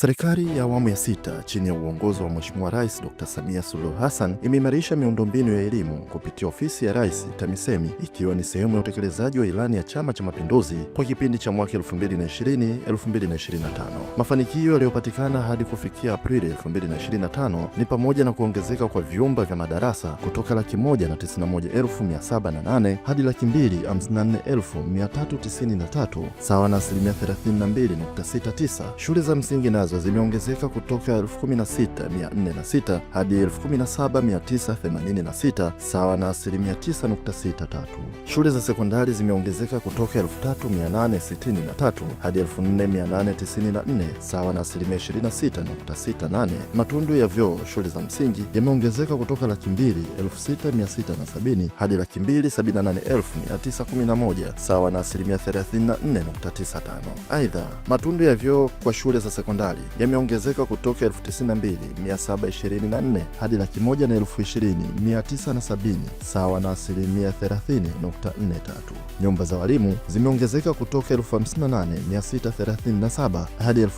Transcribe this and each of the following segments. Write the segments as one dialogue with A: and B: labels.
A: Serikali ya awamu ya sita chini ya uongozi wa Mheshimiwa Rais Dr. Samia Suluhu Hassan imeimarisha miundombinu ya elimu kupitia ofisi ya Rais TAMISEMI ikiwa ni sehemu ya utekelezaji wa ilani ya Chama cha Mapinduzi kwa kipindi cha mwaka 2020-2025. Mafanikio yaliyopatikana hadi kufikia Aprili 2025 ni pamoja na kuongezeka kwa vyumba vya madarasa kutoka laki moja na tisini na moja elfu mia saba na nane hadi laki mbili hamsini na nne elfu mia tatu tisini na tatu sawa na asilimia 32.69. Shule za msingi nazo zimeongezeka kutoka elfu kumi na sita mia nne na sita hadi elfu kumi na saba mia tisa themanini na sita sawa na asilimia 9.63. Shule za sekondari zimeongezeka kutoka elfu tatu mia nane sitini na tatu hadi elfu nne mia nane tisini na nne sawa na asilimia 26.68. Matundu ya vyoo shule za msingi yameongezeka kutoka laki mbili elfu sita mia sita na sabini hadi laki mbili sabini na nane elfu mia tisa kumi na moja sawa na asilimia 34.95. Aidha, matundu ya vyoo kwa shule za sekondari yameongezeka kutoka elfu tisini na mbili mia saba ishirini na nne hadi laki moja na elfu ishirini mia tisa na sabini sawa na asilimia 30.43. Nyumba za walimu zimeongezeka kutoka elfu hamsini na nane mia sita thelathini na saba hadi elfu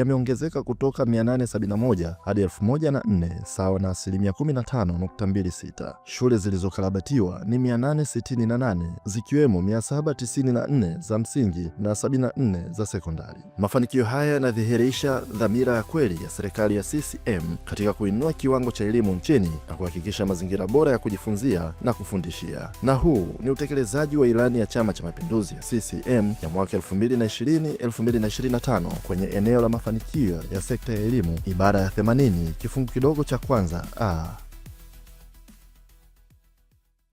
A: yameongezeka kutoka 871 hadi 1004 sawa na asilimia 15.26. Shule zilizokarabatiwa ni 868 zikiwemo 794 za msingi na 74 za sekondari. Mafanikio haya yanadhihirisha dhamira ya kweli ya serikali ya CCM katika kuinua kiwango cha elimu nchini na kuhakikisha mazingira bora ya kujifunzia na kufundishia. Na huu ni utekelezaji wa ilani ya Chama cha Mapinduzi ya CCM ya mwaka 2020-2025 kwenye eneo la mafanikio ya sekta ya elimu ibara ya 80 kifungu kidogo cha kwanza a